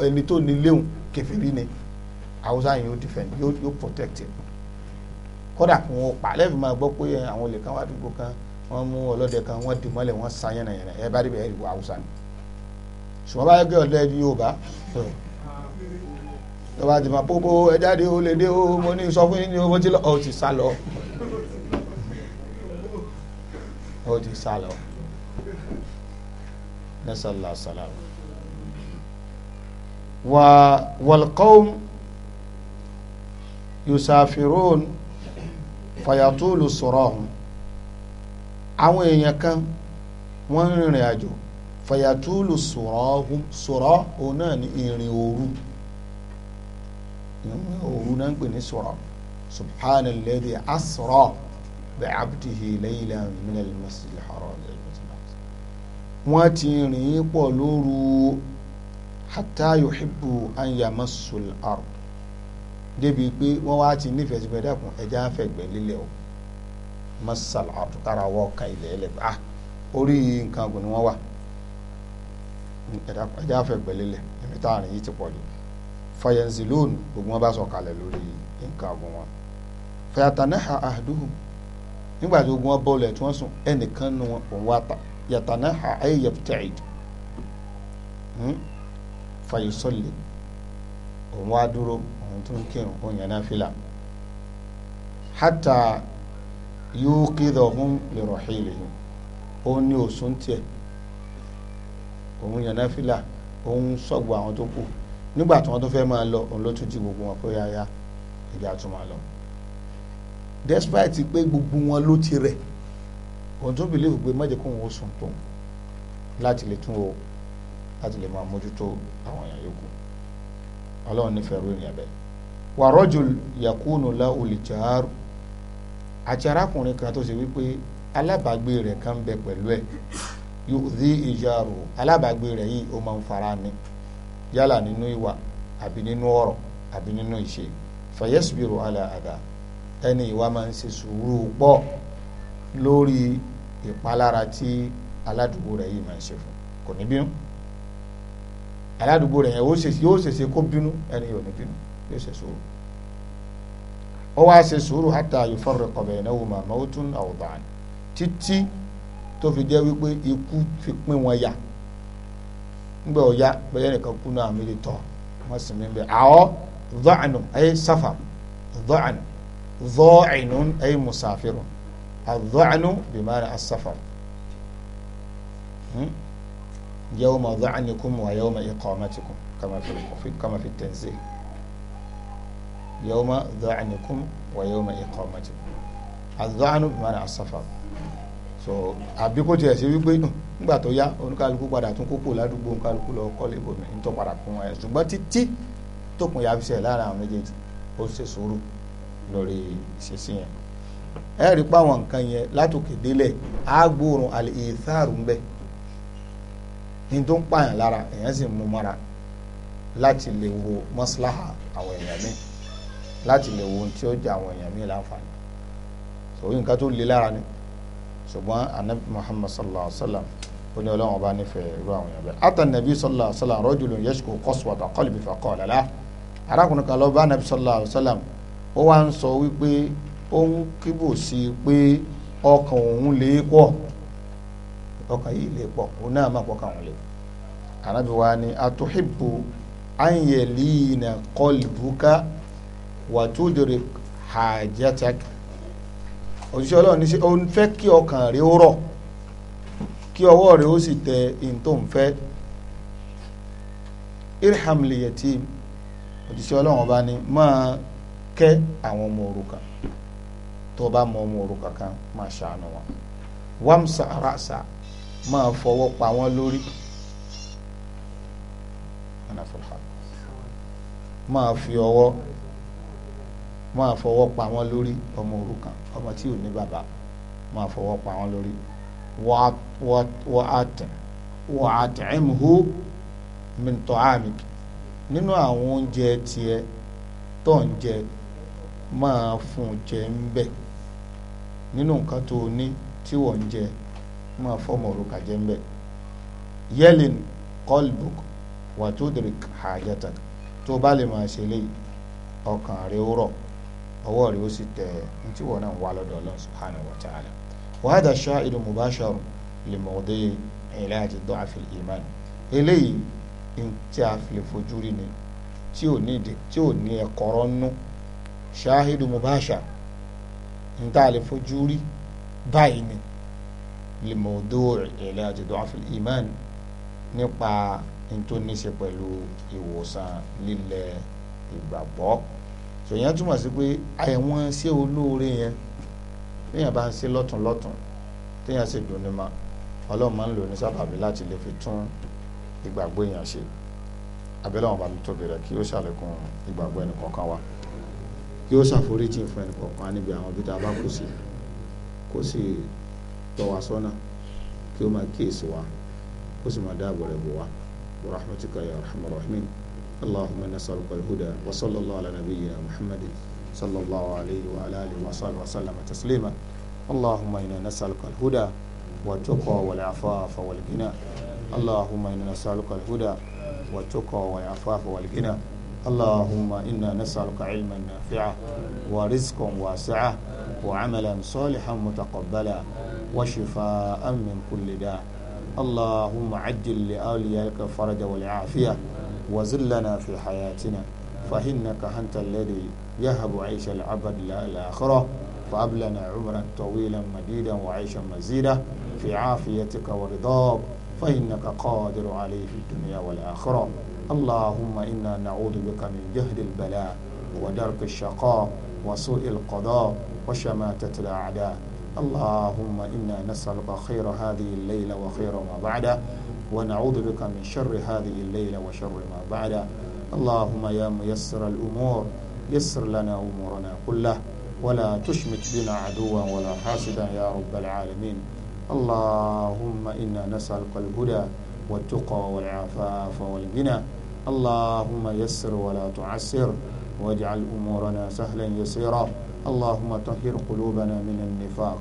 ẹni tó ní léwu kèfèrí ni haúsá yìí yóò defend yóò protect him kódà kò wọ́n pa lẹ́bi máa gbọ́ pé àwọn olè kan wá dùgbò kan wọ́n mú ọlọ́dẹ kan wọ́n dì mọ́lẹ̀ wọ́n san yànnàyànnà ẹ bá rí bẹ́ẹ̀ rí wọ haúsá ni ṣùgbọ́n bá yẹ kí ọlọ́dẹ di Yorùbá tó bá ti máa pópó ẹ jáde ó lè dé ó mo ní sọ fún yín ní owó tí ó ti sá lọ ó ti sá lọ nasala salam wa walqawm yusafirun fàyàtúlù sọ̀rọ̀ ọ̀hún àwọn èèyàn kan wọ́n ń rìnrìn àjò fàyàtúlù sọ̀rọ̀ ọ̀hún sọ̀rọ̀ ọ̀hún náà ní ìrìn òru ìrìn òru náà ń pè ní sọ̀rọ̀ subhana lẹ́dí asọ̀rọ̀ bẹ́ẹ̀ abdihi lẹ́yìn minal masjidil haram wọ́n ti rìn pọ̀ lóru hatta yuhibbu an yamassul débi pé wọ́n wá ti nífẹ̀ẹ́ sígbẹ́ dẹ́kun ẹ̀jẹ̀ afẹ́gbẹ́ lílẹ̀ o masala ara wọ́ ka ilẹ̀ ẹlẹ̀ ah orí nǹkan ọ̀gbìn ni wọ́n wà ẹ̀jẹ̀ afẹ́gbẹ́ lílẹ̀ ẹ̀mí táàrin yìí ti pọ̀ jù fàyẹ̀nsì lónìí gbogbo wọn bá sọ kalẹ̀ lórí nǹkan ọ̀gbìn wọn fàyàtànáhà àdúhùn nígbà tí gbogbo wọn bọ́ọ̀lù ẹ̀ tí wọ́n sùn ẹnìkan nu wọn òun wá ta yàtànáhà ayé yẹ fàyẹ̀sọ̀lẹ̀ òun wá dúró òun tún kírun òun yẹn náfìlà hátà yóò kéde ọ̀hún lè rọ̀hìn ìlẹ̀yìn òun ní òsùn tiẹ̀ òun yẹn náfìlà òun sọ̀gbọ̀ àwọn tó kù nígbà tí wọ́n tó fẹ́ máa lọ òun ló tún jí gbogbo wọn pé yáyá ìjà tún lọ despite pé gbogbo wọn ló ti rẹ̀ òun tún believe pé má jẹ́ kó òun ó sùn tó láti lè tún o láti lè máa mójútó àwọn èèyàn yòókù ọlọ́run nífẹ̀ẹ́ rú ènìyàn bẹ́ẹ̀ wà rọ́jò yakunu la olùjáàrú àti arákùnrin kan tó ṣe wípé alábàágbé rẹ̀ kan bẹ pẹ̀lú ẹ̀ yóò dí ìjà rò alábàágbé rẹ̀ yìí ó máa ń fara ní yálà nínú ìwà àbí nínú ọ̀rọ̀ àbí nínú ìṣe fàyẹ́sìbìrò àlà àdá ẹni ìwà máa ń ṣe sùúrù pọ̀ lórí ìpalára tí aládùúgbò rẹ̀ yìí máa ń ṣe fún kò ní bínú aládùúgbò rẹ̀ yóò ṣèṣe kó bínú ẹni yóò ní bínú yóò ṣe sùúrù ó wá ṣe sùúrù hátà yufarriqa baynahuma mawtun aw da'an títí tó fi jẹ́ wípé ikú fi pín wọn yà ńgbẹ́ ọ̀ya bẹ́ẹ̀ nìkan kú náà mi lè tọ́ wọ́n sì mí bẹ́ẹ̀ àọ́ dọ́ọ̀nù ẹ̀yẹ sáfà dọ́ọ̀nù dọ́ọ̀nù ẹ̀yẹ musafirun àdọ́ọ̀nù bìmọ̀ يوم dha'nikum wa yawma iqamatikum kama fi kama fi tanzih yawma dha'nikum wa yawma iqamatikum adh-dha'nu bi ma'na so àbí kó tiẹ̀ sí wípé nígbà tó yá oníkálukú padà tún kókó ládùúgbò oníkálukú lọ kọ́lé ibòmí ń tọ́ padà kún wọn ẹ̀ ṣùgbọ́n títí tó kùn yà fi ṣe lára àwọn méjèèjì ó ṣe sùúrù lórí ìṣesí yẹn ẹ rí pàwọn nǹkan yẹn látòkè délẹ̀ á àlè ìthaàrù ń bẹ́ẹ̀ ní tó ń pààyàn lára èèyàn sì mú mọ́ra láti lè wo mọ́síláhà àwọn èèyàn míì láti lè wo ohun tí ó jẹ àwọn èèyàn míì láǹfààní òun nǹkan tó le lára ni ṣùgbọ́n anabi muhammad sallallahu alaihi wa sallam ó ní ọlọ́run ọba nífẹ̀ẹ́ irú àwọn èèyàn bẹ́ẹ̀ ata nabi sallallahu alaihi wa sallam rajulun yashku qaswata qalbi fa qala la arákùnrin kan lọ bá anabi sallallahu alaihi wa sallam ó wá ń sọ wípé ó ń ọkàn yìí lè pọ̀ òun náà má pọ̀ káwọn lè ànábì wa ni atuhibbu anyelina kọlbuka wàtúndìrí hajjatak òṣìṣẹ́ ọlọ́run ní ó ń fẹ́ kí ọkàn rẹ̀ ó rọ̀ kí ọwọ́ rẹ̀ ó sì tẹ in tó ń fẹ́ irham liyatim òṣìṣẹ́ ọlọ́run ọba ni máa kẹ́ àwọn ọmọ òrukàn tó bá mọ ọmọ òrukàn kan máa ṣàánú wọn wàmsa rasa máa fọwọ́ pa wọ́n lórí máa fi ọwọ́ máa fọwọ́ pa wọ́n lórí ọmọ òrukàn ọmọ tí ò ní bàbá máa fọwọ́ pa wọ́n lórí wọ́n àtẹ̀mú mìtọ́ àmì nínú àwọn oúnjẹ tiẹ̀ tó ń jẹ máa fún jẹ ń bẹ̀ nínú nǹkan tó ní tí wọ́n ń jẹ máa fọmọ òrùka jẹ ń bẹ yẹlin kọlbuk wàtúndìrík hajatak tó bá lè máa ṣe léyìí ọkàn rẹ ó rọ ọwọ́ rẹ ó sì tẹ ntí wọn náà wà lọ́dọ̀ Ọlọ́run subhanahu wa ta'ala wa hadha sha'idu mubashar limọdé ilaaji dọ́àfil iman eléyìí tí a fi fojú ni tí ò ní tí ò ní ẹ̀kọ́rọ́ nú sha'idu mubashar ntaàlẹ́ báyìí ni lèmọ̀dó ìlàjì dọ́àfì iman nípa tó ní ṣe pẹ̀lú ìwòsàn lílẹ̀ ìgbàgbọ́ sòyìn túmọ̀ sí pé àìwọ̀n ṣé olóore yẹn téèyàn bá ń ṣe lọ́tún lọ́tún téèyàn sì dùn ní ma ọlọ́run máa ń lò ní sábàbí láti lè fi tún ìgbàgbọ́ èèyàn ṣe abẹ́lẹ́ àwọn bàbá tóbi rẹ̀ kí ó ṣàlékún ìgbàgbọ́ ẹnì kọ̀ọ̀kan wa kí ó ṣàforíjì fún ẹnì kọ̀ọ̀kan níbi àwọn bí tá a bá kù sí kó sì tọ́ wa sọ́nà kí ó máa kíyèsí wa ó sì máa dáàbò rẹ̀ bò wa rahmatika ya rahman rahim allahumma nasaluka alhuda wa sallallahu ala nabiyyina muhammadin sallallahu alayhi wa ala alihi wa sahbihi wa sallam taslima allahumma inna nasaluka alhuda wa tuqa wal afafa wal ghina allahumma inna nasaluka alhuda wa tuqa wal afafa wal ghina اللهم إنا نسألك علما نافعا ورزقا واسعا وعملا صالحا متقبلا وشفاء من كل داء اللهم عجل لأوليائك الفرج والعافية وزلنا في حياتنا فإنك أنت الذي يهب عيش العبد الآخرة فهب لنا عمرا طويلا مديدا وعيشا مزيدا في عافيتك ورضاك فإنك قادر عليه في الدنيا والآخرة اللهم إنا نعوذ بك من جهد البلاء ودرك الشقاء وسوء القضاء وشماتة الأعداء اللهم إنا نسألك خير هذه الليلة وخير ما بعدها ونعوذ بك من شر هذه الليلة وشر ما بعدها اللهم يا ميسر الأمور يسر لنا أمورنا كلها ولا تشمت بنا عدوا ولا حاسدا يا رب العالمين اللهم إنا نسألك الهدى والتقى والعفاف والغنى اللهم يسر ولا تعسر واجعل أمورنا سهلا يسيرا اللهم طهر قلوبنا من النفاق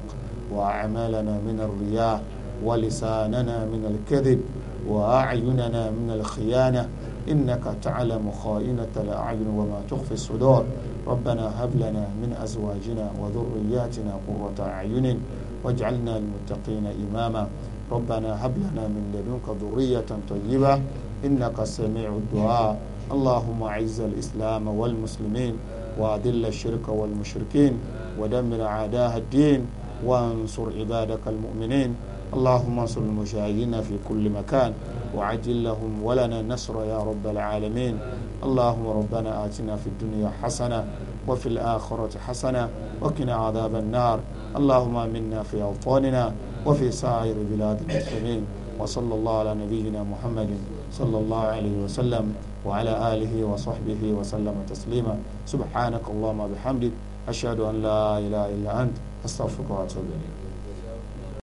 وأعمالنا من الرياء ولساننا من الكذب وأعيننا من الخيانة إنك تعلم خائنة الأعين وما تخفي الصدور ربنا هب لنا من أزواجنا وذرياتنا قرة أعين واجعلنا المتقين إماما ربنا هب لنا من لدنك ذرية طيبة إنك سميع الدعاء اللهم أعز الإسلام والمسلمين وأذل الشرك والمشركين ودمر أعداء الدين وانصر عبادك المؤمنين اللهم انصر المجاهدين في كل مكان وعجل لهم ولنا نصر يا رب العالمين اللهم ربنا آتنا في الدنيا حسنة وفي الآخرة حسنة وقنا عذاب النار اللهم منا في أوطاننا وفي سائر بلاد المسلمين وصلى الله على نبينا محمد صلى الله عليه وسلم وعلى آله وصحبه وسلم تسليما سبحانك اللهم بحمدك أشهد أن لا إله إلا أنت أستغفرك وأتوب إليك